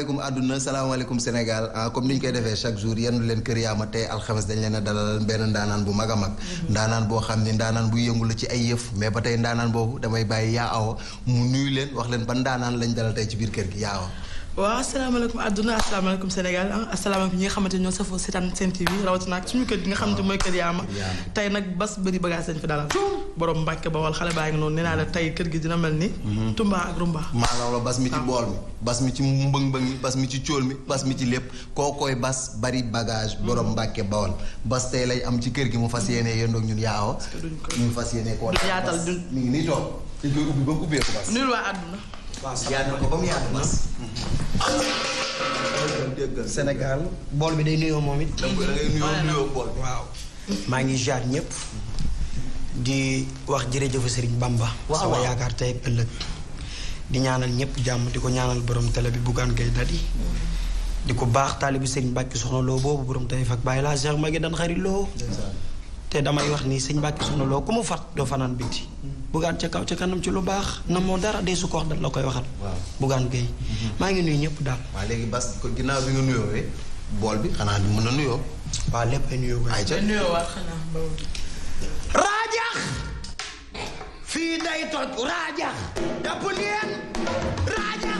salaamaaleykum àdduna salaamaaleykum Sénégal ah, comme ni ñu koy defee chaque jour yendu leen kër yaama tey alxames dañ leen a dalal benn ndaanaan bu mag a mag mm-hmm. ndaanaan boo xam ne ndaanaan bu yëngu ci ay yëf mais ba tey ndaanaan boobu damay bàyyi yaa awa mu nuyu leen wax leen ban ndaanaan lañu dalal tey ci biir kër gi yaa awa waaw asalaamaaleykum àdduna asalaamaaleykum Sénégal ah, asalaamaaleykum ñi nga xamante ñoo safoo seetaan seen TV rawatina ak suñu kër gi nga xamante mooy kër yaama tey nag bas bëri bagage lañ fi dalal borom Mbàkke xale baa ngi noonu nee tey kër gi dina mel ni mhm. tumba bas mi ci ah. bool bas mi ci mbëng-mbëng mi bas mi ci cóol mi bas mi ci lépp kookooy bas bari bagage mhm. borom Mbàkke Bawol bas tey lay am ci kër gi mu fas yéene yendoog ñun yaawo ñu fas yéene koo yaatal du mi ngi nii toog dañ koy ubbi ba mu ubbee ko bas nuyul waa àdduna yaanu bool bi day nuyoo moom it. maa ngi jaar ñëpp. di wax jërëjëfu Serigne Bamba. waaw sama yaakaar tey ëllëg. di ñaanal ñëpp jàmm di ko ñaanal borom télé bi Bougane Gueye Dany. di ko baax taalibu Serigne Mbacke soxna loo boobu borom tey fak bàyyi laa Cheikh Maguette dan xarit loo. te damay wax ni sëñ Mbacke soxna loo ku mu fat doo fanaan biti. bugaan ca kaw ca kanam ci lu baax na moo dara dee su ko wax dal la koy waxal. waaw bugaan mhm. maa ngi nuyu ñëpp daal. waaw léegi Bas ginnaaw bi nga nuyoo bool bi xanaa ñu mën a nuyoo. waaw lépp ay nuyoo. ay raajax fii day toj raajax. dapp leen raajax.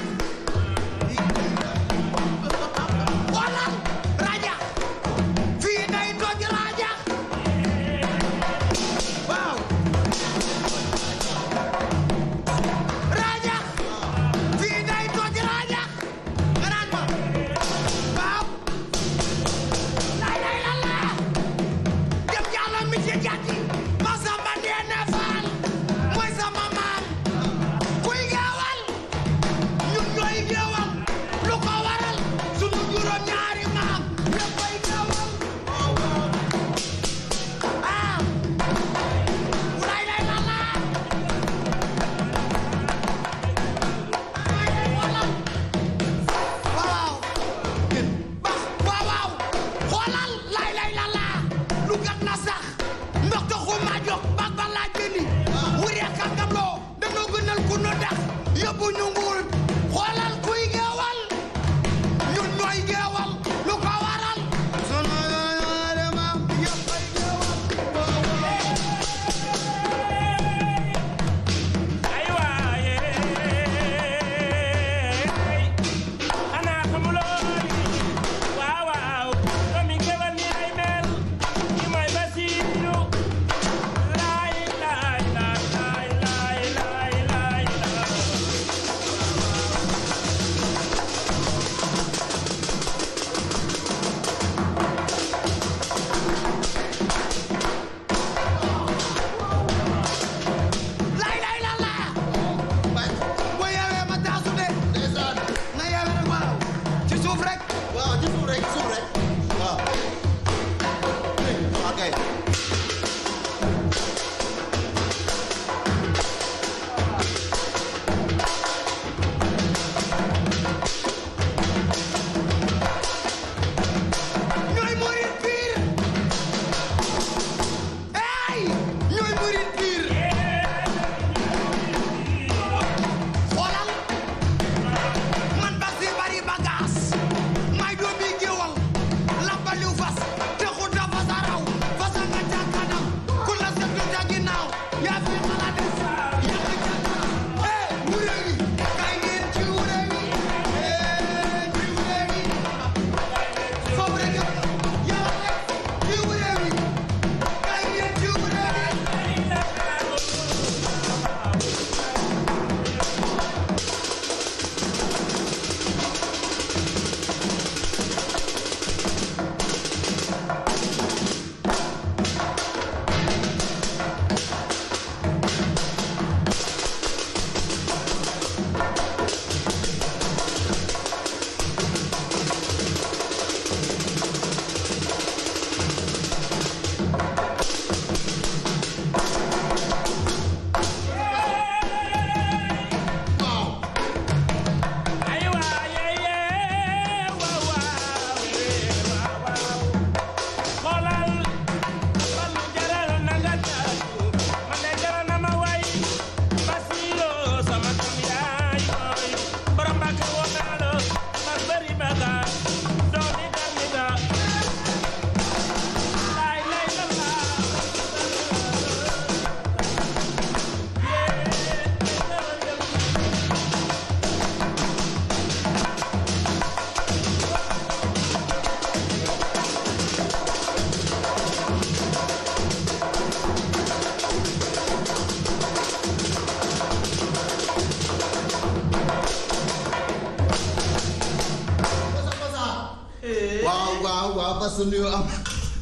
sa nuyoo am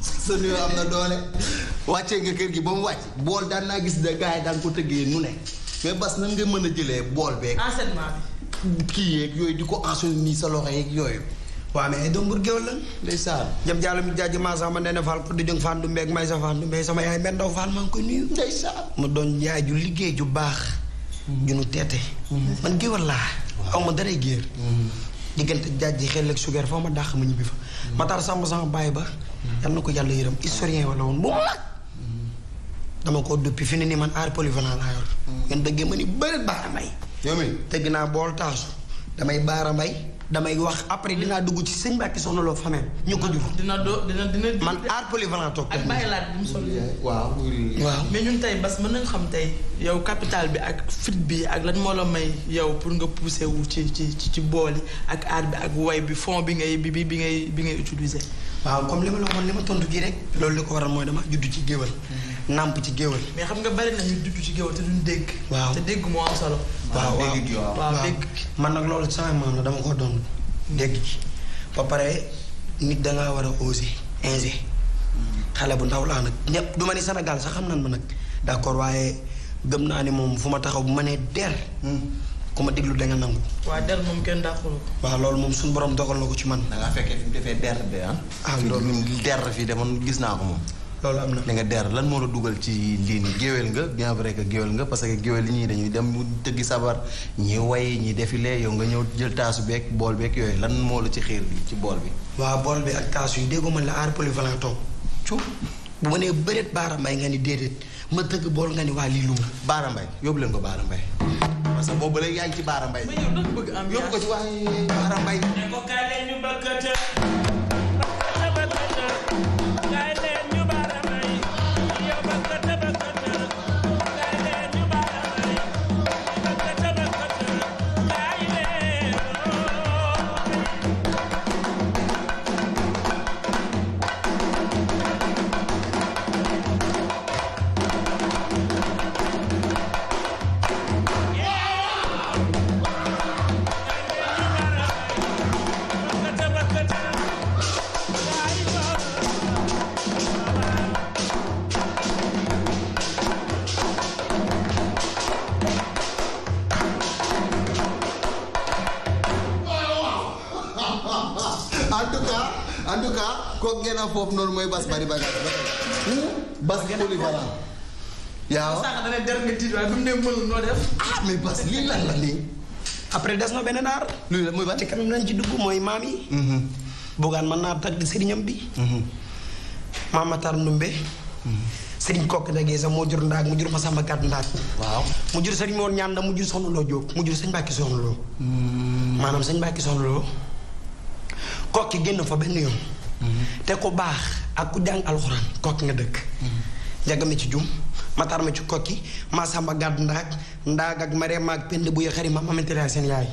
sa am na doole wàccee nga kër gi ba mu wàcc bool daan naa gis de gars yi daan ko tëggee nu ne mais bas nan nga mën a jële bool beeg. enseignement bi. kii yeeg yooyu di ko enseigné nii sa loxo yeeg yooyu. waaw mais ay doom buur géwél lan ndeysaan jam jàll mi jaaj maa sax ma na faal ko di jëng faan du mbeeg may sa faan yaay mbenn ndaw faal maa ngi koy nuyu mu doon yaay ju liggéey ju baax ju nu teete mm-hmm. man géwél laa aw ma daray géer mm-hmm. diggante jaaj ji xel ak sugeer foo ma dàq ma ñibbi fa. ma Matar Samba sama bàyyi ba. yal na ko yàlla yërëm historien wala woon bu mag. dama koo duppi fi ne nii man aar polyvalent laa yor. ngeen dëggee ma ni bëri baara mbay. yow tëgg naa bool taasu damay baara bay damay wax après dinaa dugg ci sëñ Mbacke soxna loo famille ñu ko jur. dina do dina dina. man aar polyvalent toog. ak bàyyi laat bi mu sol. waaw waaw. mais ñun tey Bass mën nañu xam tey yow capital bi ak fit bi ak lan moo la may yow pour nga poussé wu ci ci ci bool yi ak aar bi ak way bi fon bi ngay bi bi ngay bi ngay utiliser. waaw comme li ma la waxoon li ma tontu kii rek. loolu li ko waral mooy dama juddu ci géwël. nàmp ci géwél. mais xam nga bari na ñu ci géwél te duñ dégg. waaw te dégg moo am solo. waaw waaw dégg man nag loolu sama maam la dama ko doon dégg ci ba pare nit da ngaa war aussi osé ingé. xale bu ndaw laa nag ñëpp du ma ni Sénégal sax xam nañ ma nag d'accord waaye gëm naa ni moom fu ma taxaw bu ma nee der. Hmm. ku ma déglu da nga nangu. waaw der moom kenn dàqulu. waaw loolu moom suñu borom dogal na ko ci man. da ngaa fekkee fi mu defee der de ah. ah loolu der fii de gis naa ko moom. loolu am na li nga der lan moo la dugal ci lii nii géwél nga bien vrai que géwél nga parce que géwél yi ñii dañuy dem mu tëggi sabar ñi way ñi défilé yow nga ñëw jël taasu beeg bool beeg yooyu lan moo la ci xeer bi ci bool bi. waa bool bi ak taasu yi déggoo ma la aar polyvalent toog cu bu ma nee bëreet Baara Mbaye nga ni déedéet ma tëgg bool nga ni waa lii lu ma. Baara Mbaye yóbbu leen ko Baara Mbaye. parce que boobu ba léegi yaa ngi ci Baara Mbaye. ma ñëw dëgg bëgg yóbbu ko ci waa Baara ko gën a foofu noonu mooy bas bari bagage bas polyvalent yaa ah mais bas lii lan la lii après des na benn aar lu la mooy ban ci kanam mooy maam yi mm-hmm. buggaan mën naa tag sëriñam bi mm-hmm. maam Matar Ndumbe mm-hmm. sëriñ kokk dagee sax moo jur ndaag mu jur ma sàmm kat ndaag waaw mu jur sëriñ moor ñaan da mu jur soxna loo jóob mu jur sëñ Mbàkke soxna loo maanaam sëñ Mbàkke soxna loo kokki génn fa benn yoon te ko baax ak ku jàng alxuraan kokki nga dëkk njaga ci jum mataar ma ci kokki masamba gàdd ndaag ndaag ak mareem ak pend bu ya xarima ma amante laa seen yaay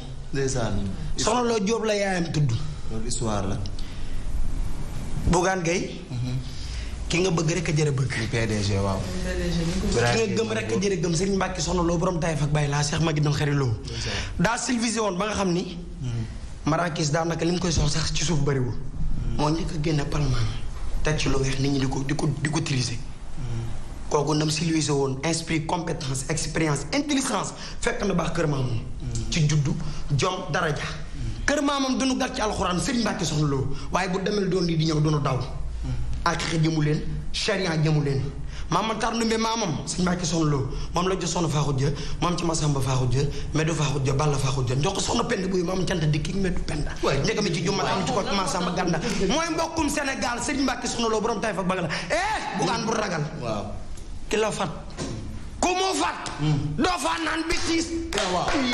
soxna loo jóob la yaayam tudd loolu histoire la Bougane Gueye mhm. nga bëgg rek a jërë bëgg. PDG waaw. ki nga gëm soxna loo borom taay fak bàyyi laa Cheikh Magui doon daa silvisé woon ba nga xam ni. Mhm. Marrakech daanaka li mu koy sox sax ci suuf bariwul. moo njëkk a génne palmaan teg ci lu weex nit ñi di ko di ko di ko utiliser. kooku nam civilisé woon esprit compétence expérience intelligence fekk na baax kër maamam ci juddu jom daraja kër maamam duñu gàtt ci alxuraan fir Mbàkke soxna loo waaye bu demel doon lii di ñëw duñu daw ak xë jëmu leen charia jëmu leen maamam tar ndumbe maamam sëñ Mbàkke Soxna Lo moom la jox soxna faaxut ja moom ci Masamba faaxut ja meddu faaxut ja balla faaxut ja jox ko soxna pend buy maam cant dikki ak meddu penda nekk mi ci jumma am ci ko Masamba ganda mooy mbokkum Sénégal sëñ Mbàkke Soxna Lo borom tay fa bëgg la eh bugaan bu ragal waaw fat ku mu fat hmm. doo fa naan bêtise eh,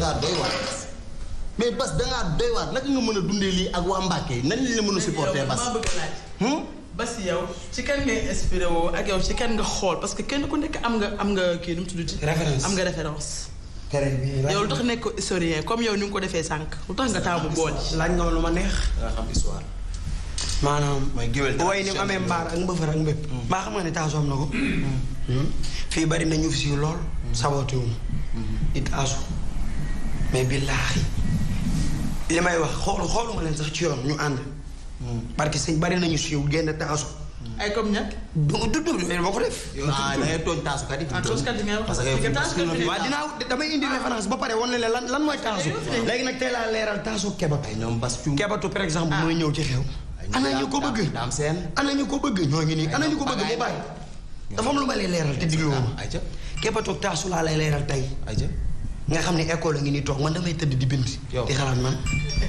dangaa doy waar mais bas dangaa doy waar naka nga mën a dundee lii ak waa yi nañ la mën a supporter bas hmm? bas yow ci kan ngay inspiré woo ak yow ci kan nga xool parce que kenn ku nekk am nga am nga kii nu mu tudd ci am nga référence yow lu tax nekk historien comme yow ni nga ko defee sànq lu tax nga taamu bool laaj nga lu ma neex nga xam histoire maanaam way ni mu amee mbaar ak mbëfër ak mbépp hmm. mbaa xam nga ne taasu am na ko hmm. fii bari na ñu fi si lool sabootewum it taasu mais billaahi li may wax xoolu xooluma leen sax ci yoon ñu ànd. parce que sëñ bari nañu si yow génn taasu. ay comme ñàkk. du du du ko def. ah da ngay ah, tooñ taasu ah, parce que taasu kat bi waaw damay indi référence ba pare wan ne lan lan mooy taasu. léegi nag tey laa leeral taasu kebatu. ñoom bas cu kebatu par exemple mooy ah. ñëw ci xew. ana ñu ko bëgg daam seen ana ñu ko bëgg ñoo ngi nii ana ñu ko bëgg mu bàyyi. dafa am lu ma lay leeral te digloo ma. kebatu ak taasu laa lay leeral tey. nga xam ne école a ngi nii toog man damay tëdd di bind. di xalaat man.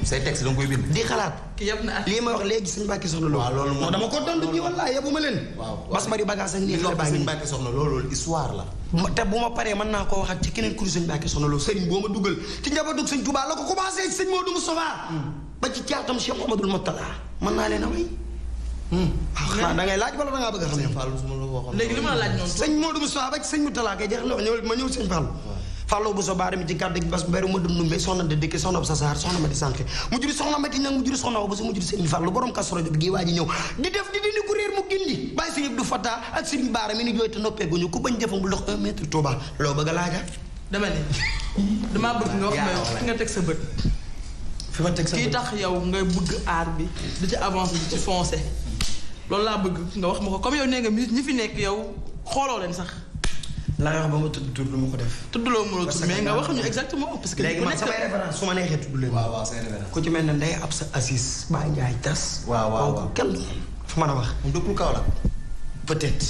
say texte danga koy bind. di xalaat. lii ma wax léegi suñu bàkki soxna loolu. moo dama ko dond ji wallaahi yebbu ma leen. waaw bas ma di bagage ak nii xale baa la. te bu ma paree mën naa koo ci keneen ku suñu bàkki soxna loolu sëriñ boo ma dugal ci njabootu sëñ Tuubaa la ko commencé sëñ Modou Moustapha hmm. naa leen a way hmm. ah da ngay laaj wala da bëgg a xam. léegi li ma la laaj noonu. sëñ Modou Moustapha ba ci sëñ Moutala kay jeex na ma ñëw sëñ Fallou Fallou Bousso Baare mi ci kàddu gi bas mbéru ma dum numbe soxna de dëkk soxna bu sa saar soxna mati sànq mu juri soxna mati nag mu juri soxna wa Bousso mu juri sëriñ Fallou borom kasoro jot gi waa ji ñëw di def di dindi ku réer mu gindi bàyyi sëriñ Abdou Fata ak sëriñ Baara mi ni jooy te noppeeguñu ku bañ jëfam bu dox un mètre Touba loo bëgg a laaja dama ne damaa bëgg nga wax ma yow fi nga teg sa bët fi ma teg sa bët kii tax yow ngay bëgg aar bi di ci avancé di ci foncé loolu laa bëgg nga wax ma ko comme yow nee nga ñi fi nekk yow xooloo leen sax la nga wax ba ma tudd tur du ma ko def. tuddloo ma la tur mais nga wax ñu exactement. léegi man samay référence su ma neexee tudd leen. waaw ci mel ne Ndeye Absa Assis. Baye Ndiaye tas. waaw waaw a wax. moom dëkkul Kaolack. peut-être.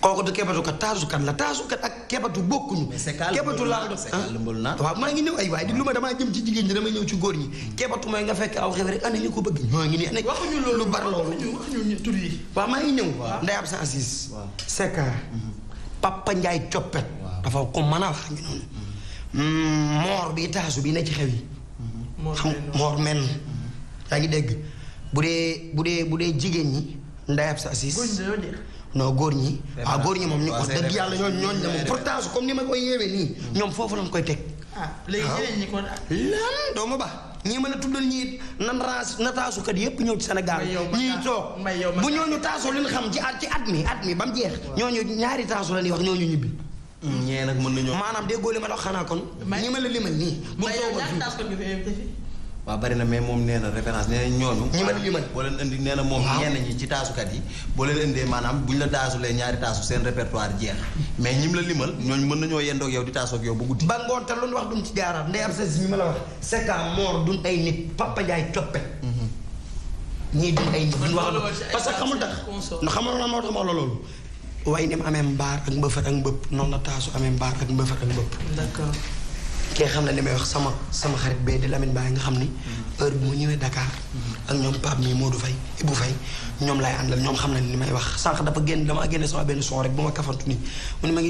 kooku du kebatu kat taasu kan la taasu kat ak kebatu bokkuñu. kebatu laa ah. waaw maa ngi ñëw ay waay di lu ma damaa jigéen ñi dama ñëw ci góor ñi. kebatu mooy nga fekk aw xew rek ana ñu ko bëgg ñoo ngi nii. waxuñu loolu bar loolu waxuñu Assis. waaw Papa Ndiaye coppet dafa ko mën a wax ngi mm, moor bi taasu bi ne ci xew yi xam moor men yaa ngi dégg bu dee bu dee bu dee jigéen ñi ndayab sa siis non góor ñi waaw ah, góor ñi moom ñu ko dëgg yàlla ñooñ ñooñ la moom pourtant comme ni ma koy yeewee nii ñoom foofu lañ koy teg ah, léegi jigéen ba ñi mën a tuddal ñii nan raas na taasukat yépp ñëw ci Sénégal ñii toog bu ñooñu taasu leen xam ci at ci at mi at mi ba mu jeex ñooñu ñaari taasu la ñuy wax ñu ñibbi mm, ñee nag mën nañoo maanaam déggoo li ma la wax xanaa ma la limal waaw bari na mais moom nee na référence nee na ñooñu. ñi mën ñi mën boo leen indi nee na moom. ñenn ñi ci taasukat yi. boo leen indee maanaam buñ la taasulee ñaari taasu seen répertoire jeex mais ñim la limal ñooñu mën nañoo yendoo ak yow di taasoo ak yow guddi. ba te lu ñu wax duñ ci jaaraat ndey am sa si ma la wax c'est à mort duñ ay nit Papa Ndiaye coppe. Mm-hmm. ñii duñ ay nit duñ xamul tax nu xamul na moo tax ma la loolu. waaye ni mu a mbaar ak mbëfër ak mbëpp noonu la taasu amee mbaar ak mbëfër ak mbëpp. d'accord. kee xam na li may wax sama sama xarit bee di Lamine Baye nga xam ni mm-hmm. heure bu mu ñëwee Dakar mm-hmm. ak ñoom Pape mii Modou fay bu fay ñoom laay àndal ñoom xam na li may wax sànq dafa génn dama génne sama benn son rek ba ma kafantu nii mu ne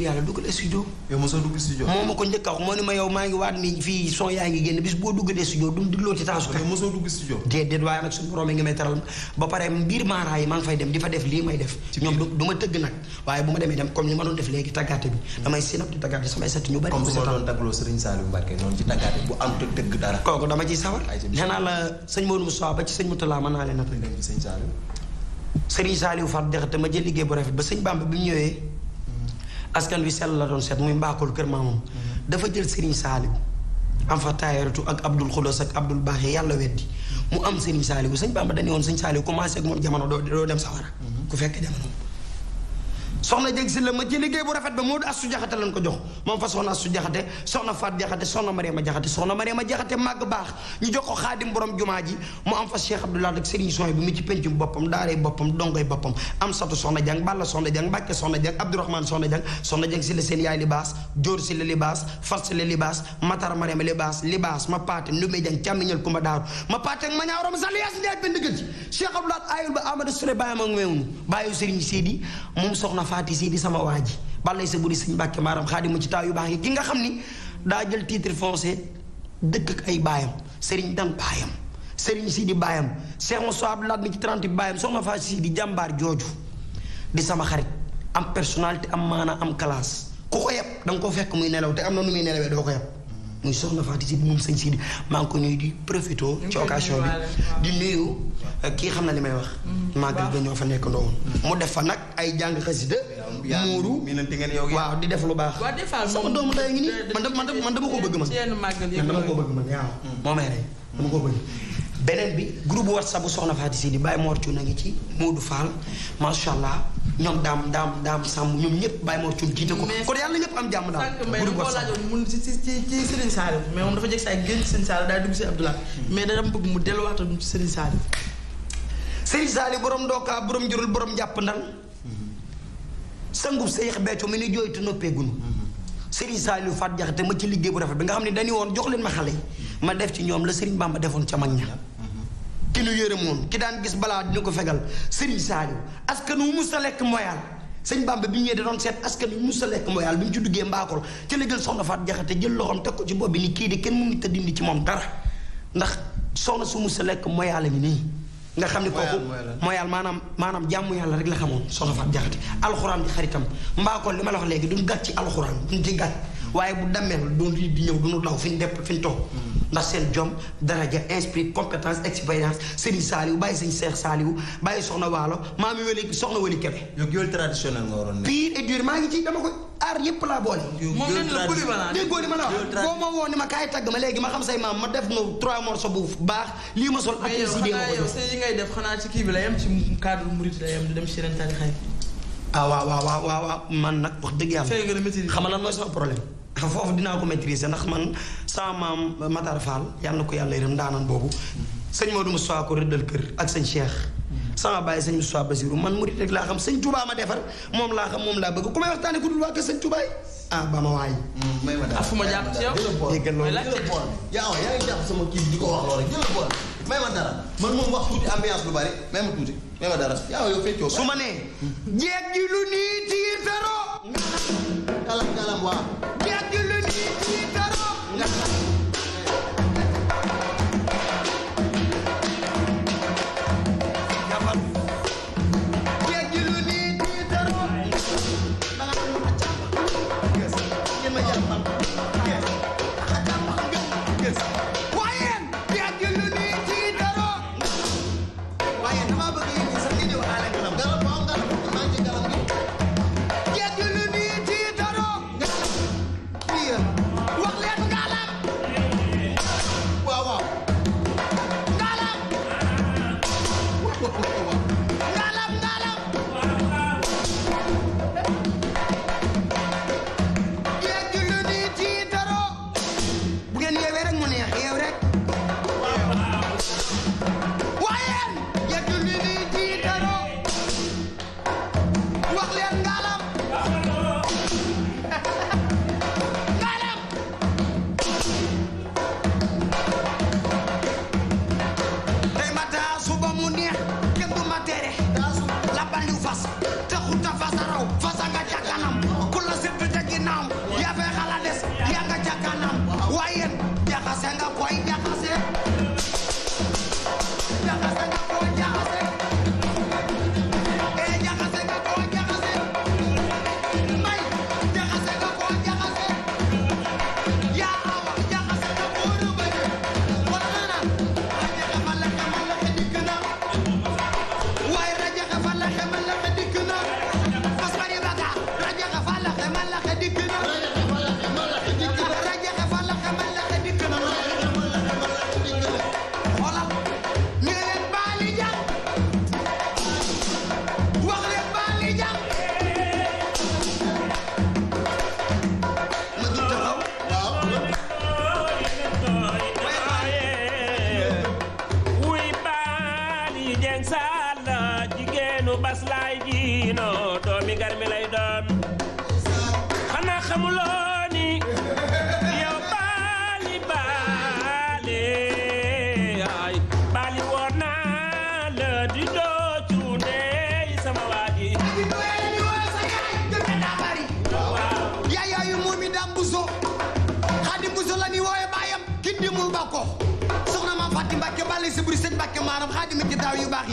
ngi waat ni fii son yaa ngi génn bis du digloo ci temps su kay. mosoo dugg studio. déedéet waaye nag suñu borom yi nga may dem di def lii may def. ñoom du ma tëgg nag waaye bu ma demee dem comme ni ma doon def léegi tàggaate bi. Mm. damay sinap di tàggaate samay set ñu bari. comme su sawar. nee naa la sëñ Maodo Moussa ba ci sëñ Moutala mën naa leen natt. Serigne Saliou Fat Diakhaté ma jël liggéey bu rafet ba sëñ Bamba bi mu ñëwee askan wi sell la doon set muy mbaakul kër maamam dafa jël Serigne Saliou am fa taayaratu ak Abdul Xudos ak Abdul Baaxe yàlla weddi mu am Serigne Saliou sëñ Bamba dañu woon sëñ Saliou commencé ak moom jamono doo doo dem sawara ku fekk jamono soxna jeg si la ma ci liggéey bu rafet ba moo du assu jaxate lañ ko jox moom fa soxna assu jaxate soxna faat jaxate soxna mariama jaxate jaxate soxna jang balla soxna jang mbàkke soxna jang abdourahman soxna la seen yaay libaas jóor si la libaas far si la libaas matar a libaas libaas ma paate ndumee jang càmmiñal ku ma daaru ma paate ak ma ñaarom sa liyaas njaay benn gën ci cheikh abdoulaye ayul ba amadou sule bàyyam ak meewunu bàyyu sëriñ moom soxna faat Faati si di sama waa ji ballay sa buri sëñ Mbàkke maaram xaadimu ci taa yu baax yi ki nga xam ni daa jël titre foncé dëkk ak ay baayam sëriñ dan baayam sëriñ si di baayam Cheikh Moussa Abdoulaye mi ci 30 baayam soxna Faati si di jàmbaar jooju di sama xarit am personnalité am maana am classe ku ko yeb da nga ko fekk muy nelaw te am na nu muy nelawee doo ko yeb muy soxna Fatou Sidi moom sëñ Sidi maa ngi ko nuyu di profité ci occasion bi di nuyu kii xam na li may wax màggal ga ñoo fa nekk ndowoon mu def fa nag ay jàng xasida muuru waaw di def lu baax sama doomu day ngi nii man dama ko bëgg man man dama ko bëgg man waaw moo may rey beneen bi groupe whatsapp bu soxna Fatou Seydi Baye Mor Thioune a ngi ci Modou Fall macha allah ñoom daam daam daam sàmm ñoom ñëpp Baye Mor Thioune jiite ko. kon yàlla ñëpp am jàmm daal. groupe whatsapp sànq Mbaye ci ci ci Serigne Saliou mais moom dafa jeg saa génn Serigne Saliou daal dugg si Abdoulaye. Hmm. mais dara mu bëgg mu delluwaat ci Serigne Saliou. Serigne Saliou borom ndookaa borom jurul borom jàpp ndal. Hmm. sangub Seex Béthio mi ni jooytu noppeeguñu. Hmm. Serigne Saliou Fatou ma ci liggéey bu rafet bi nga xam ne dañu woon jox leen ma xale ma def ci ñoom la Serigne Bamba defoon ca mag ña ki nu moom ki daan gis balaa dina ko fegal sëriñ Saaliw askan wu mus sa lekk moyal sëñ Bamba bi ñëwee da doon seet askan wi mus a lekk moyal bi mu ci duggee mbaakol ci la jël soxna Faat jël loxoom teg ko ci bopp bi ni kii di kenn mënut a dindi ci moom dara ndax soxna su mus sa lekk moyal a ngi nii nga xam ne kooku moyal maanaam maanaam jàmm yàlla rek la xamoon soxna Faat Jaxate alxuraan di xaritam mbaakol li ma la wax léegi duñ gàtt ci alxuraan du ci gàtt waaye bu demee doon lii di ñëw duñu daw fi ñu depp fi ñu toog mm. ndax seen jom daraja esprit compétence expérience Serigne Saliou bàyyi Serigne Cheikh Saliou bàyyi Soxna Waalo maami weli Soxna weli Kebe. yow yow traditionnel nga waroon pire et dur maa ngi ci dama ko aar yëpp laa boole. moom lañ la bëri ma la wax boo ma woo ma kaay tagg ma léegi ma xam say maam ma def na trois morceaux bu baax lii ma sol. ak kii si xanaa yi ngay def xanaa ci kii bi la yem ci cadre Mouride la yem dem si ren tarixa yi. ah waaw waaw waaw waaw man nag wax dëgg yàlla. xamal lan mooy problème foofu dinaa ko maîtriser ndax man sama maam Matar Fall yàlla na ko yàlla yërëm ndaanan boobu sëñ Modou Moussa ko rëddal kër ak sëñ Cheikh sama bàyyi sëñ Moussa Basirou man murid rek laa ma defar moom moom laa bëgg ku may waxtaane ku dul waa kër ah, ba ma ma daal man moom wax tuuti ambiance lu bari may ma tuuti may ma dara yaa yow feccoo su ma nee. jeeg ji nii tiitaro. galam lim bi mu bàkkoo soxna ma fàtti mbàkke bàlli si buri sëñ mbàkke ci daaw yu baax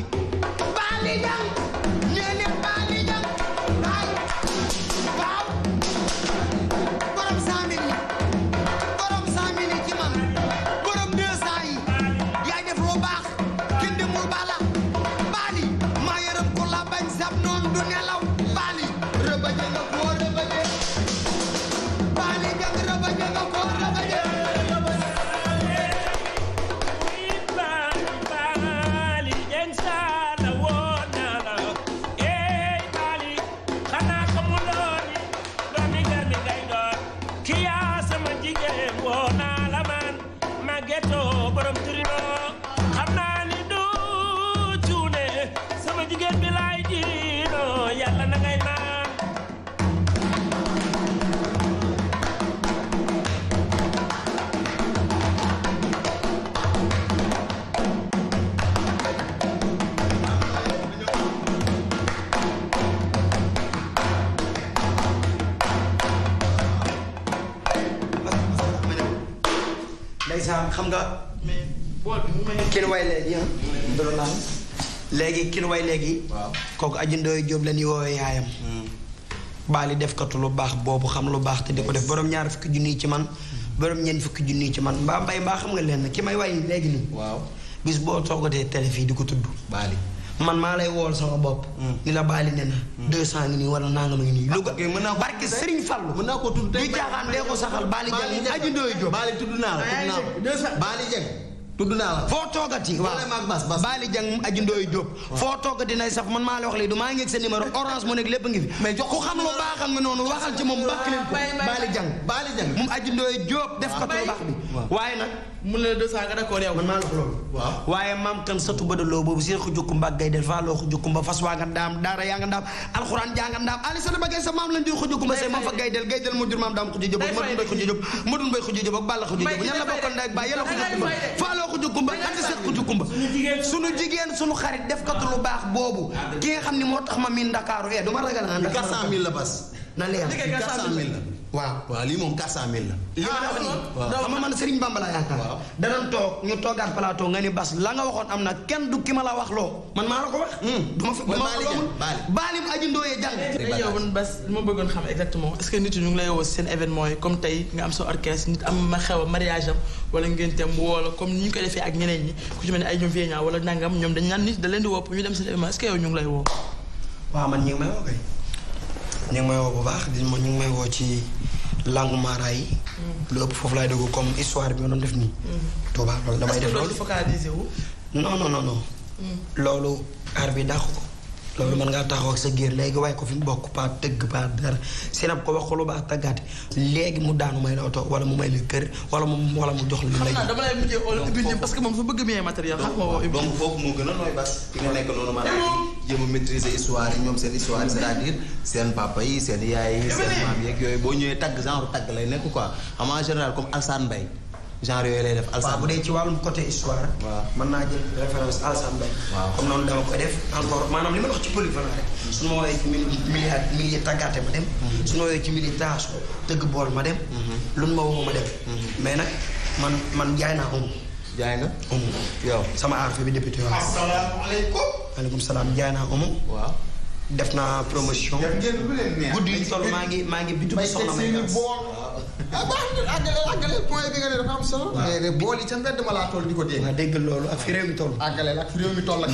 léegi ki nu way léegi. kooku aji ndooy Jóob la ñuy woowee yaayam. Hmm. baali def katu lu baax boobu xam lu baax te di ko def borom ñaar fukki junni ci man. borom ñeent fukki junni ci man mbaa mbay mbaa xam nga leen ki may way léegi nii. waaw bis boo toogatee tele fii di ko tudd. baali man maa lay wool sama bopp. Hmm. ni la baali ne na. 200 hmm. ngi nii wala nangam ngi nii. Louga ah, mën naa ko barke Serigne Fallou. mën naa ko tudd tey ñu jaaxaan dee ko saxal baali jàng aji ndooy Jóob baali tudd naa la tudd naa ko baali jàng tudd naa la foo toogati. waaw boole maag bas bas Baali Jang aji ndooy Diop. foo toogati nay saf man maa la wax léegi du maa ngi ak sa numéro orange mu nekk lépp ngi fi. mais jox xam lu baaxam nga noonu waxal ci moom bàkk leen ko. Baali Jang Baali Jang moom aji ndooy Diop def ko baax bi waaye nag. mu ne la 200 nga d'accord yow. man maa la ko loolu. waaw waaye maam kan satu bëdaloo boobu si ko jukku mbaa gay del faa loo fas waa nga ndaam daara yaa nga ndaam alxuraan jaa nga ndaam sa bagay sa ma fa gay del gay del mu maam daam ko ju jub ak madun bay ko ju jigéen sunu xarit def ka lu baax boobu ah, ki nga xam ni moo tax ma miin Ndakaaru eh du ma ragal naa 400000 la bas na leer 400000 waa waaw lii moom 400000 la. li ma la wax nii xam nga man Serigne Bamba laa yaakaar. waaw danañ toog ñu toogaat plateau nga ni bas la nga waxoon am na kenn du ki ma la wax loo. man maa la ko wax. Hmm. ma fi du ma ko amul baalim aji ndooyee jàng. léegi yow bas ma bëggoon xam exactement est-ce que nit lay woo seen événement comme tey nga am ma xew a mariage am wala ngénteem wala comme ni ñu koy defee ak ñeneen ñi ku ci mel ne ay ñoom Vienna wala nangam ñoom dañ naan nit da leen di woo pour ñu dem seen événement est-ce lay woo. waaw man ñu ngi may woo kay ñu may woo bu baax di ñu may woo ci langue mara yi. Mm. lu foofu laay dugg comme histoire bi ma doon def nii. Mm. Touba loolu damay def loolu. non non non non. Mm. loolu aar bi dàqu ko. loolu mën ngaa taxaw ak sa géer léegi waaye ko fi mu bokk pa tëgg pa dara sinab ko wax ko lu baax tàggaate léegi mu daanu may la oto wala mu may la kër wala mu wala mu jox la. léegi dama lay parce que moom su bëgg bien matériel xam nga woo. donc moo gën a nooy bas ki nga nekk noonu maanaam jéem a ñoom seen histoire c'est-à-dire seen papa yi seen yaay yi seen maam yooyu boo ñëwee tagg genre tagg lay nekk quoi xam en général comme Alsane mbay genre yooyu lay def. alsaan bu dee ci wàllum côté histoire. waaw naa jël référence alsaan bay. waaw comme noonu dama koy def encore maanaam li ma wax ci hmm. ma woowee ci mili mili mili tàggaate ma dem. Hmm. su ma ci mili taas bool ma dem. Hmm. lu ma woo ma dem. mais nag man man jaay naa umu. jaay nga umu. yow sama aar fi bi député waaw. asalaamaaleykum. maaleykum salaam jaay naa umu. waaw. def naa promotion. def ngeen lu maa ngi maa ngi bitu soxna may ah, na àggale àggale point bi nga di ko dégg. dégg loolu ak fi réew mi àggale ak fi réew mi toll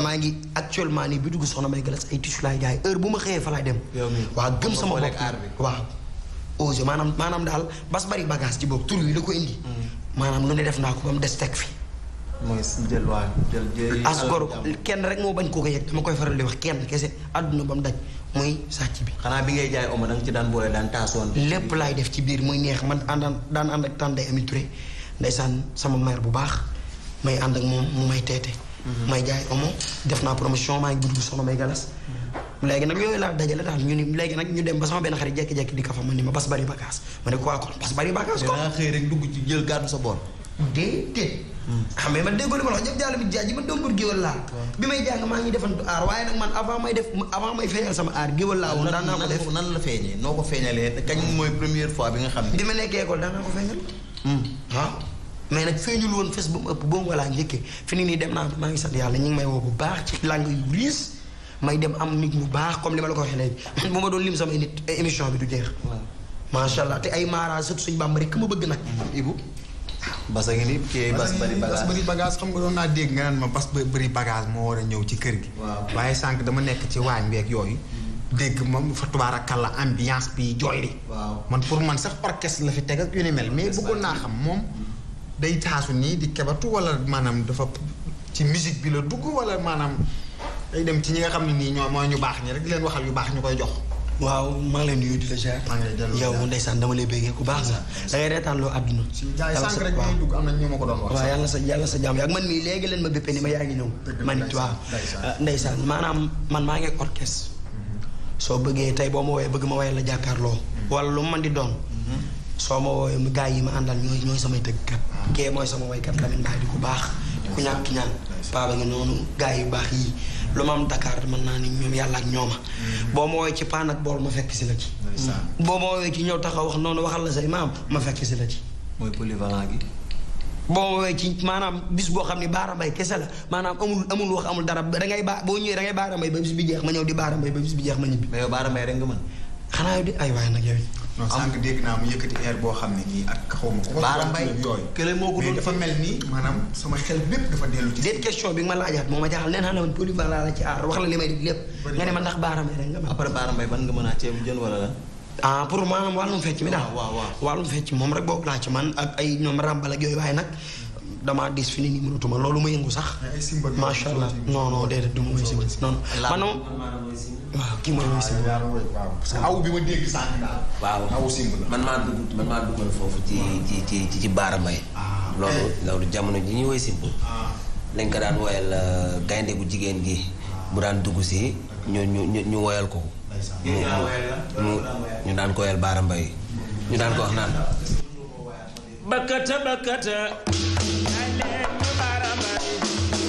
maa ngi actuellement nii bi dugg soxna may galas ay tissu laay jaay heure bu ma xëyee fa laay dem. yow mii waaw gëm sama bopp waaw. ose maanaam maanaam daal bas bari bagage ci boobu tur yi da ko indi. Mm. maanaam lu ne def naa ko ba mu des teg fi. mooy jël waa jël as kenn rek moo bañ koo ko yëg koy faral di wax kenn kese àdduna ba mu daj mooy sàcc bi. xanaa bi ngay jaay omo da nga daan boole daan taasoon. lépp laay def ci biir muy neex man àndaan daan ànd ak tànday Ami Touré ndeysaan sama mère bu baax may ànd ak moom mu may teete. Mhm. may jaay omo def naa promotion maa ngi gudd soxna may galas. Mhm. léegi nag yooyu ñu ni léegi nag ñu dem ba sama benn xarit jekki dugg ci jël gàddu sa bool. déedéet. xam nga man déggoo li ma la wax bi jaaj man doomu géwél laa may jàng maa ngi defantu aar waaye nag man may def avant may feeñal sama aar géwél laa woon nan la feeñee noo ko feeñalee kañ mooy première fois bi nga xam ne ma nekkee école daan ko feeñal hmm. waaw mais nag woon fes ba ëpp boobu walaa njëkkee fi ni nii dem naa maa ngi sant yàlla ñu ngi may woo bu baax ci langue yu riis may am nit ñu baax comme li ma la ko waxee léegi ma doon lim sama nit émission bi du jeex macha allah te ay suñ sët suñu bàmb rek ma bëgg na hmm. ibu bas a ngi nii kii bas bëri bagage bas xam nga doon naa dégg nga naan ma bas bëri bagage moo war a ñëw ci kër gi. waaye sànq dama nekk ci waañ beeg yooyu. Mm-hmm. dégg ma fa kalla ambiance bi jooy li man pour man sax orchestre la fi teg ak yu ni bëggoon naa xam moom. Mm-hmm. day taasu nii di kebatu wala maanaam dafa ci musique bi la dugg wala maanaam day dem ci ñi nga xam ne nii ñoo mooy ñu baax ñi rek leen waxal yu baax ñu koy jox. waaw maa ngi lay nuyu di la ziar. maa ngi lay delloo yow ndeysaan dama lay ku baax nga. da ngay reetaan loo àdduna. yàlla sa waaw waaw yàlla sa yàlla sa jàmm ak man mii léegi leen ma béppee ni ma yaa ngi ñëw. man it waaw ah, ndeysaan maanaam man maa ngi orkes mm-hmm. soo bëggee tey boo ma wooyee bëgg ma wooyee la jàkkaarloo. Mm-hmm. wala lu man di doon. Mm-hmm. soo ma wooyee gars yi ma àndal ñooy ñooy samay tëggkat. Ah. kee mooy sama kat Lamine Mbaye di ku baax. ku ñàkk ñaan. paa ba nga noonu gars yu baax yii lu ma am dakaar mën naa ni ñoom yàlla ak ñooma mm-hmm. boo ma woowee ci paan ak bool ma fekk si la ci mm-hmm. boo ma woowee ci ñëw taxaw wax noonu waxal la say maam ma fekk si la ci mooy polyvalent gi boo ma woowee ci maanaam bis boo xam ne baara mbay kese la maanaam amul amul wax amul dara da ngay ba boo ñëwee da ngay baara mbay ba bis bi jeex ma ñëw di baara mbay ba bis bi jeex ma ñibbi mais yow baara mbay rek nga mën xanaa yow di ay waay nag yow non sànq dégg naa mu yëkkati air boo xam ne nii ak xaw ko. baara mbay moo ko dafa mel ni maanaam sama xel bépp dafa dellu ci. déet question bi nga ma la ajaat moo jaaxal nee naa la man polyvalent la ci aar wax la li may dégg lépp. nga ne ma ndax baara mbay rek nga ma. après baara mbay ban nga mën a ceeb jën wala la. ah pour maanaam wàllum fecc mi daal. waaw waaw wàllum fecc moom rek boo naa ci man ak ay ñoom ràmbal ak yooyu waaye nag damaa diis fi ni nii mënatuma loolu ma yëngu sax. macha allah non non déedéet du ma simbal non man aw bi ma waaw aw simbal man maa dugg man maa foofu ci ci ci ci ci baara mbay. Ah, loolu loolu jamono ji ñuy woy simbal. Ah. lañ ko daan woyal euh, gaynde bu jigéen gi. mu daan dugg si ñu ñu ñu ñu woyal ko. ñu ñu daan ko woyal baara mbay. ñu daan ko wax naan. bakkata bakkata.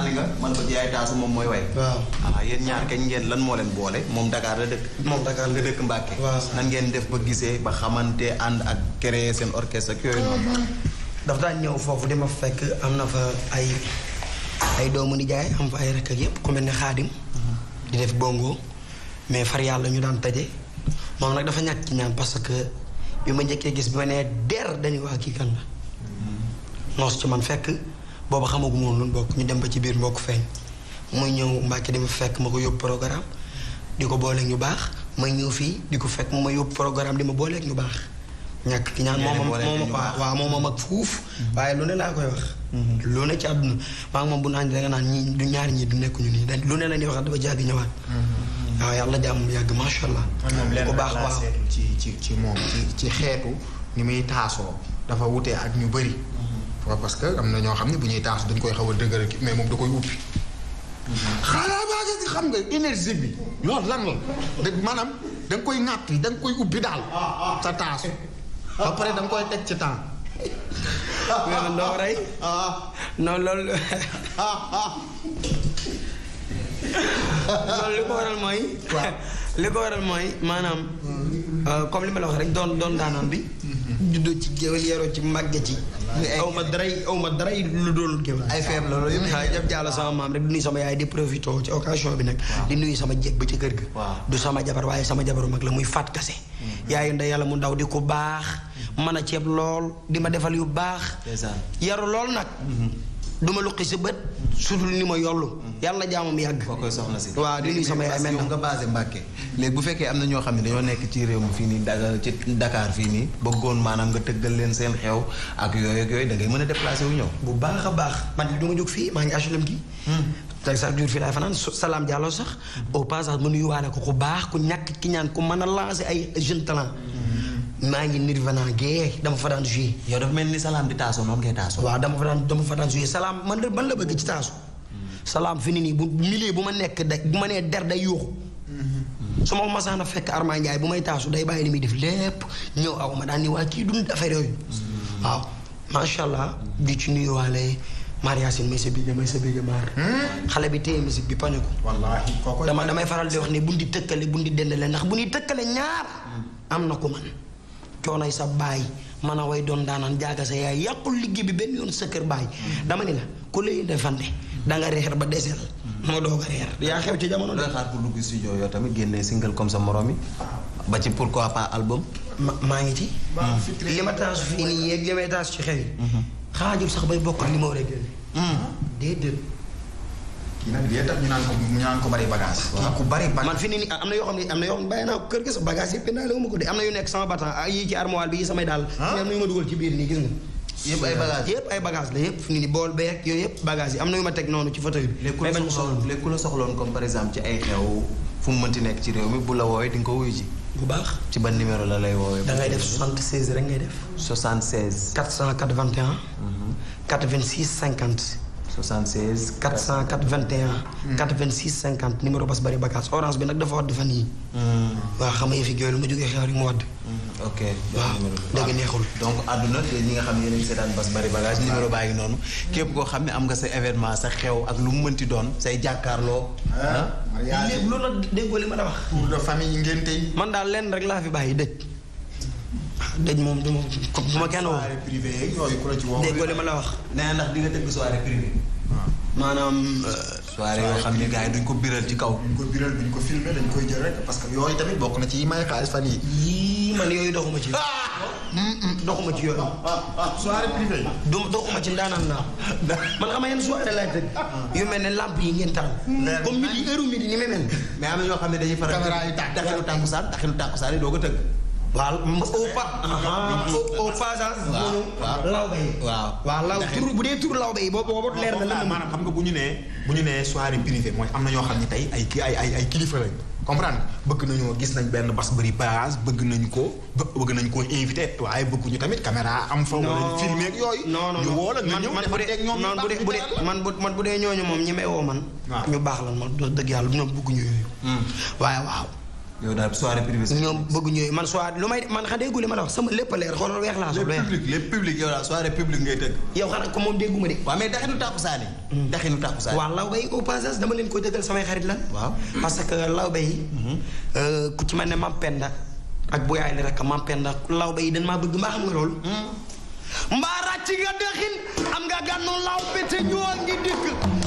taali nga man ko yaay taasu moom mooy way waaw waaw ah, yéen ñaar kañ ngeen lan moo leen boole moom Dakar la dëkk moom Dakar la dëkk Mbàkke nan ngeen def ba gisee ba xamante ànd ak créer seen orchestre ak yooyu noonu dafa daan ñëw foofu di ma fekk am na fa ay ay doomu nijaay am ay rek ak yëpp def bongo far yàlla ñu daan taje moom nag dafa ñàkk ci ñaan parce que bi ma njëkkee gis bi ma nee der dañuy wax kii kan la mm-hmm. noos ci man fekk booba xamagu moom loolu bokk ñu dem ba ci biir mbokk feeñ muy ñëw Mbàkke dama fekk ma ko yóbbu programme di ko booleeg ñu baax may ñëw fii di ko fekk ma yóbbu programme di ma booleeg ñu baax ñàkk ki ñaan moom moom waaw moom ak fuuf mhm. waaye lu ne laa koy wax mhm. lu ne ci àdduna maa moom bu naan da nga naan ñi du ñaar ñi du nekk nii da lu ne la ñuy wax dafa jàgg ñëwaat mhm. waaw yàlla jàmm yàgg macha allah ku baax waaw ci ci ci moom ci xeetu ni muy taasoo dafa wute ak ñu bëri waaw parce que am na ñoo xam ne bu ñuy taas dañ koy xaw a dëgër ki mais moom da koy ubbi. xanaa baa nga xam nga énergie bi loolu lan la de maanaam da koy ŋàppi da koy ubbi daal sa taasu teg ci temps. loolu loolu. loolu ko waral mooy. li ko waral mooy maanaam. Hmm. Euh, comme li ma la wax rek doon doon daanaan bi. Hmm. juddoo ci géwél yaroo ci màgge ci aw ma daray aw ma daray lu doon géwél ay la loolu yëpp aa jaf jaala sama maam rek di nuyu sama yaay di profité ci occasion bi nag di nuyu sama jeeg ba ci kër ga du sama jabar waaye sama jabaru mag la muy faat kase mm-hmm. yaayu nda yàlla mu ndaw di ko baax man mm-hmm. a ceeb lool di ma defal yu baax yaru lool nag mm-hmm. duma ma luqi si bët. sudul ni ma yollu. yàlla jaamam yàgg. koo koy soxna si waaw di nuyu sama yaay mel nga basé Mbàkke léegi bu fekkee am na ñoo xam ne dañoo nekk ci réew mi fii nii ci Dakar fii nii bëggoon maanaam nga tëggal leen seen xew ak yooy ak yooyu da ngay mën a déplacé wu ñëw. bu baax a baax man du ma jóg fii maa ngi HLM gi. Hmm. tey sax jur fii laay fanaan salaam Diallo sax. au passage ma nuyuwaale ko ku baax ku ñàkk ki ñaan ku mën a lancer ay jeune talent. maa ngi Nirvana gee dama fa daan joué. yow dafa mel ni salaam di taasoo noonu ngay taasoo. waaw dama fa daan dama fa man man la bëgg ci salaam fi ni nii bu bu ma nekk da bu ma nee der masaan a fekk Arma Ndiaye bu may taasu day bàyyi li muy def lépp ñëw aw ma daan kii dund affaire yooyu. waaw di ci nuyuwaale Mariasin may sa bige may xale bi téye musique bi pañu ko. damay faral di wax ne buñ di tëkkale buñ di dendale ndax bu ñuy tëkkale ñaar am na ko man. coonay sa baay mën a way doon daanaan jaaga sa yaay yàqul liggéey bi benn yoon sa kër baay mm-hmm. dama ni la ku lay indi fande danga reer ba desel moo mm-hmm. doog a reer yaa xew ci jamono de xaar pour dugg studio yoo tamit génnee single comme sa morom yi ba ci pourquoi pas album maa ngi ci mm. li fii nii yeeg ci xew yi mm-hmm. xaajul sax bay bokk li ma a kii nag liy ñu naan ko bari bagage. Ah, waaw ku bari bagage man fi ni nii am na yoo xam ne am na yoo xam ne bàyyi naa ko kër gi sax bagage yëpp naa la ma ko de am na yu nekk sama batan ah, yii ci armoire bi yi samay daal. ah am na yu ma dugal ci biir nii gis nga. yëpp ay bagage yëpp ay bagage bool beeg yooyu yëpp bagage yi am na yu ma teg noonu ci fauteuil bi. léegi la soxloon comme par exemple ci ay xew fu mu mënti nekk ci réew mi bu la woowee di ko wuyu ji. bu baax ci ban numéro la lay woowee. da ngay def 76 rek ngay def. 76. 481. 86 50. 76 481. 86 50 numéro bas bari bakaas orange bi nag dafa wadd fan yii. Hmm. waaw xam nga yëfi géwél ma jógee xew hmm, a seetaan hmm. sa événement sa xew ak lu mu mënti ah, ah? déggoo li ma la wax. pour de famille ngénte yi. man daal lenn rek laa fi bàyyi dëj. dëj moom du ma bu ma kenn woo. la ci woo. déggoo li ma la wax. nee na ndax di nga tëgg soirée maanaam. Euh, soirée yoo xam ne gars yi duñ ko biral ci kaw. duñ ko biral duñ ko filmer dañ koy jël rek parce que yooyu tamit bokk na ci yi may xaalis fan yi yii man yooyu doxuma ci. Ah! Mm, mm, doxuma ci yooyu. Ah, ah, soirée ci ndaanaan naa man xam nga yéen soirée laay tëdd. yu mel ne lamp yi ngeen taal. comme midi heure midi ni muy mel. mais am na ñoo xam ne dañuy faral. caméra yi tàkkusaan daxilu tàkkusaan yi doo ko tëgg. waaw au pas. au au passage. waaw law tur bu dee tur lawbe yi boobu leer na la maanaam xam nga bu ñu nee. bu ñu nee soirée privée mooy am na ñoo xam ne tey ay ki ay ay kilifa lañ. comprendre bëgg nañoo gis nañ benn bas bëri base bëgg nañ ko bëgg nañ ko invité waaye bëgguñu tamit caméra am fa wala filmé ak yooyu. non man bu dee man bu dee bu man bu dee ñooñu moom ñi may man. ñu baax la man dëgg yàlla ñoom bëgguñu yooyu. Hmm. waaye waaw. yow daal soirée privée. ñoom bëgguñu man soirée lu may man xa déggule ma la wax sama lépp leer xoolal weex laa. soxla lépp public lépp public yow daal ko moom dégguma de. waaw mais daxinu tàkkusaani. Hmm. daxinu tàkkusaani. parce que lawbe yi. Hmm. Euh, ku ci mel ne Mam Penda. ak bu yaay li rek Mam Penda lawbe yi dañ maa bëgg mbaa xam nga loolu. Hmm. mbaa ràcc nga daxin am nga gànnu lawbe te ñoo ngi dikk.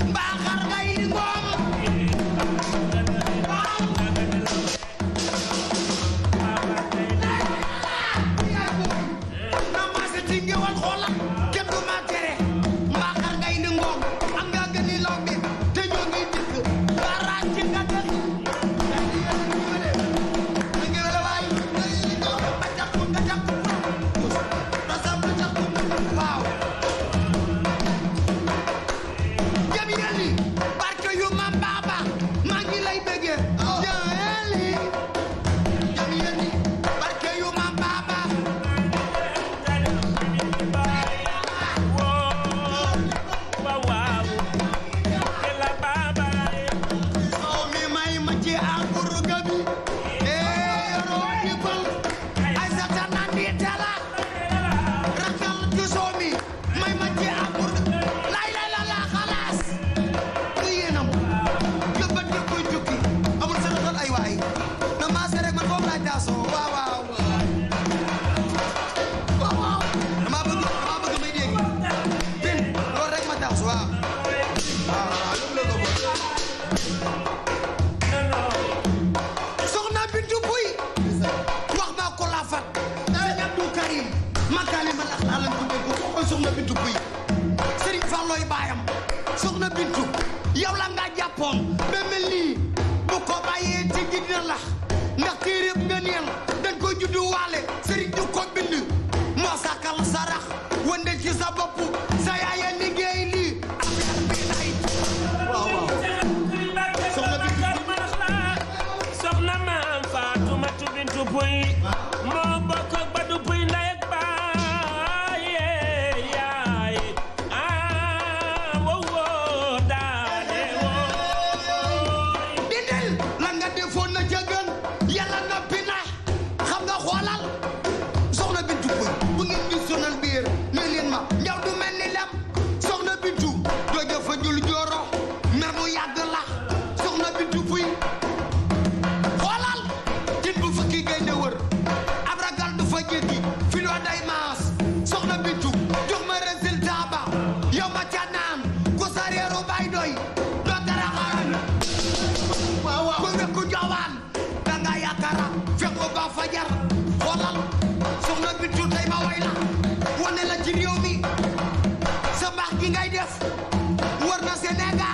Sénégal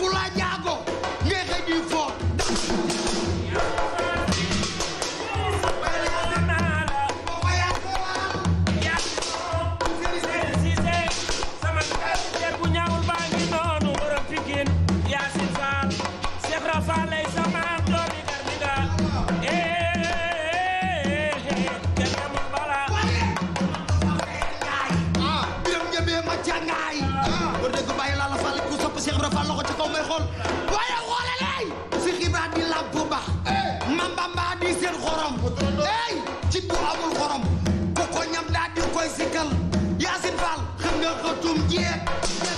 fu la Thank you.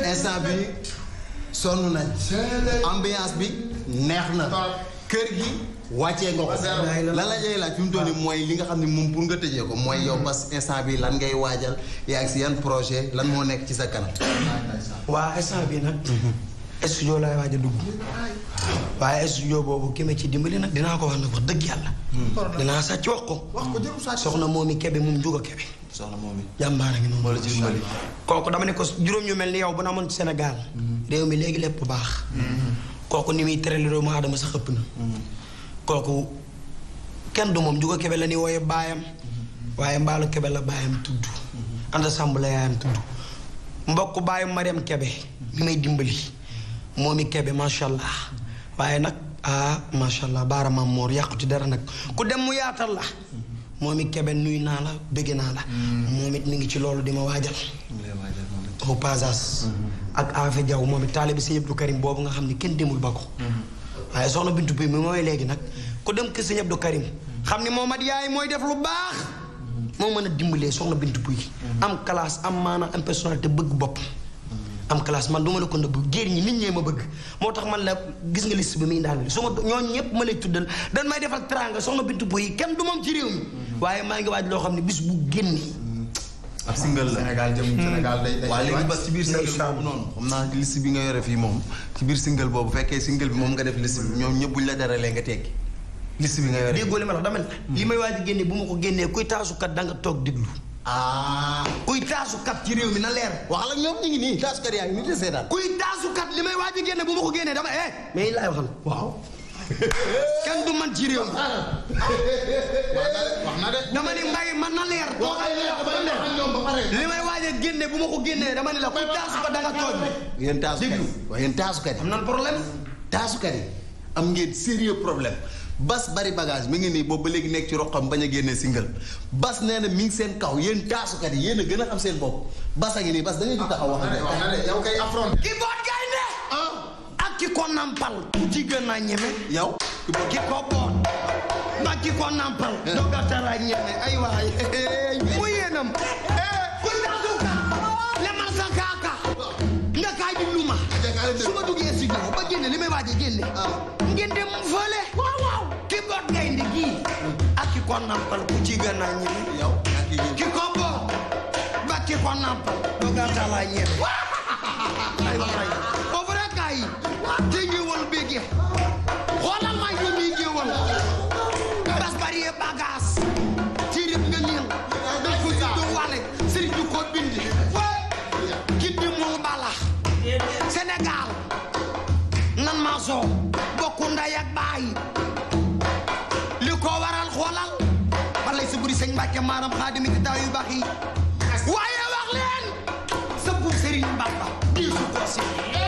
instant bi sonn nañ ambiance bi neex na kër gi wàccee nga ko lan la ñuy laa fi mu toll mooy li nga xam ne moom pour nga tëjee ko mooy yow parce que instant bi lan ngay waajal yaa ngi si yan projet lan moo nekk ci sa kanam waa instant bi nag studio laay dugg waaye studio boobu ki ci dimbali nag dinaa ko wax nag wax dëgg yàlla hmm. dinaa sàcc wax ko soxna moom i kebe moom juga kebe soxna moom it. jàmbaar a ngi noonu. macha allah kooku dama ne ko juróom ñu mel ni yow bu na amoon ci Sénégal. Mm-hmm. réew mi léegi lépp baax. Mm-hmm. kooku ni muy tëral doomu aadama sa xëpp na. Mm-hmm. kooku kenn du moom Juga Kebe la ni wooye baayam. waaye Mbaalu Kebe la baayam tudd. Anta Samb la yaayam tudd. mbokk baayu Mariam Kebe. bi may dimbali. moomi Kebe macha allah waaye nag ah macha allah baara maam moor yàqu ci dara nag ku dem mu yaatal la. moom it kebe nuy naa la mm. mi ngi ci loolu di ma waajal. au passage. Mm-hmm. ak Afe Diaw moom it taalibe Sëñ Abdou Karim boobu nga xam ni kenn demul ba ko. Mm-hmm. waaye soxna Bintu bi mi mooy léegi nag ku dem kër Sëñ Abdou Karim. Mm-hmm. xam ne moom at yaay mooy def lu baax. moo mën a dimbalee soxna Bintu bi. am classe am maanaam am personnalité bëgg bopp. am classe man du ma la ko nëbb géer ñi nit ñee ma bëgg moo tax man la gis nga liste bi muy indaal su ma ñooñu ñëpp ma tuddal dan may defal waaye maa ngi waaj loo xam ne bis bu génn. Mm. ab single la Sénégal jëm mm. Sénégal day day. waaw léegi ba ci biir single boobu noonu. xam naa liste bi nga yore fii moom ci biir single boobu bu fekkee single bi moom nga def liste bi ñoom ñëpp buñ la daralee nga tekki. liste bi nga yore déggoo li ma wax dama ne. Mm. li may waaj génne bu ma ko génnee kuy taasukat da nga toog déglu. ah. kuy taasukat ci réew mi na leer. waxal ak ñoom ñu ngi nii taasukat yaa ngi nii di seetaan. kuy taasukat li may waaj génne bu ma ko génnee dama eh. mais yi laay waxal waaw. kenn du man ci réew mi. wax na de. dama ne mbay man na leer. wax na li may waaj génne bu ma ko génnee dama ne la ku taasu ko da nga tooñ. yéen taasukat yi waaw yéen taasukat yi. am nan problème. taasukat am ngeen sérieux problème. bas bari bagage mi ngi nii boobu ba léegi nekk ci roqam bañ a génne single bas nee na mi ngi seen kaw yéen taasukat yi yéen a gën a xam seen bopp bas a ngi nii bas da ngeen di taxaw wax. yow kay affronté. kii boot gaynde ah. ki ko nampal ci gën a ñeme yow ki ko boot ndax ki ko nampal eh. doga tara ñeme ay waay mu yéenam kundaasuka eh, lemal sa kaaka nga kaay di luma su ma duggee studio ba génne li may waaj a génne ah. ngeen dem fële waaw waaw ki boot gaynde gi ak ki ko nampal ku ci gën a ñeme yow ki ko boot ba ki ko nampal doga tara ñeme ay waay ay te ñëwal bége xoolal mi géwal bas bari bagaas ci rib nga niil da ko juddu wale sëriñ ko bindi kiddi mu bala Sénégal nan ma soo bokku baay li ko waral xoolal balay sa buri sëñ Mbàkke maaram xaadimi ci yu baax waaye wax leen sa bu sëriñ Bamba su ko si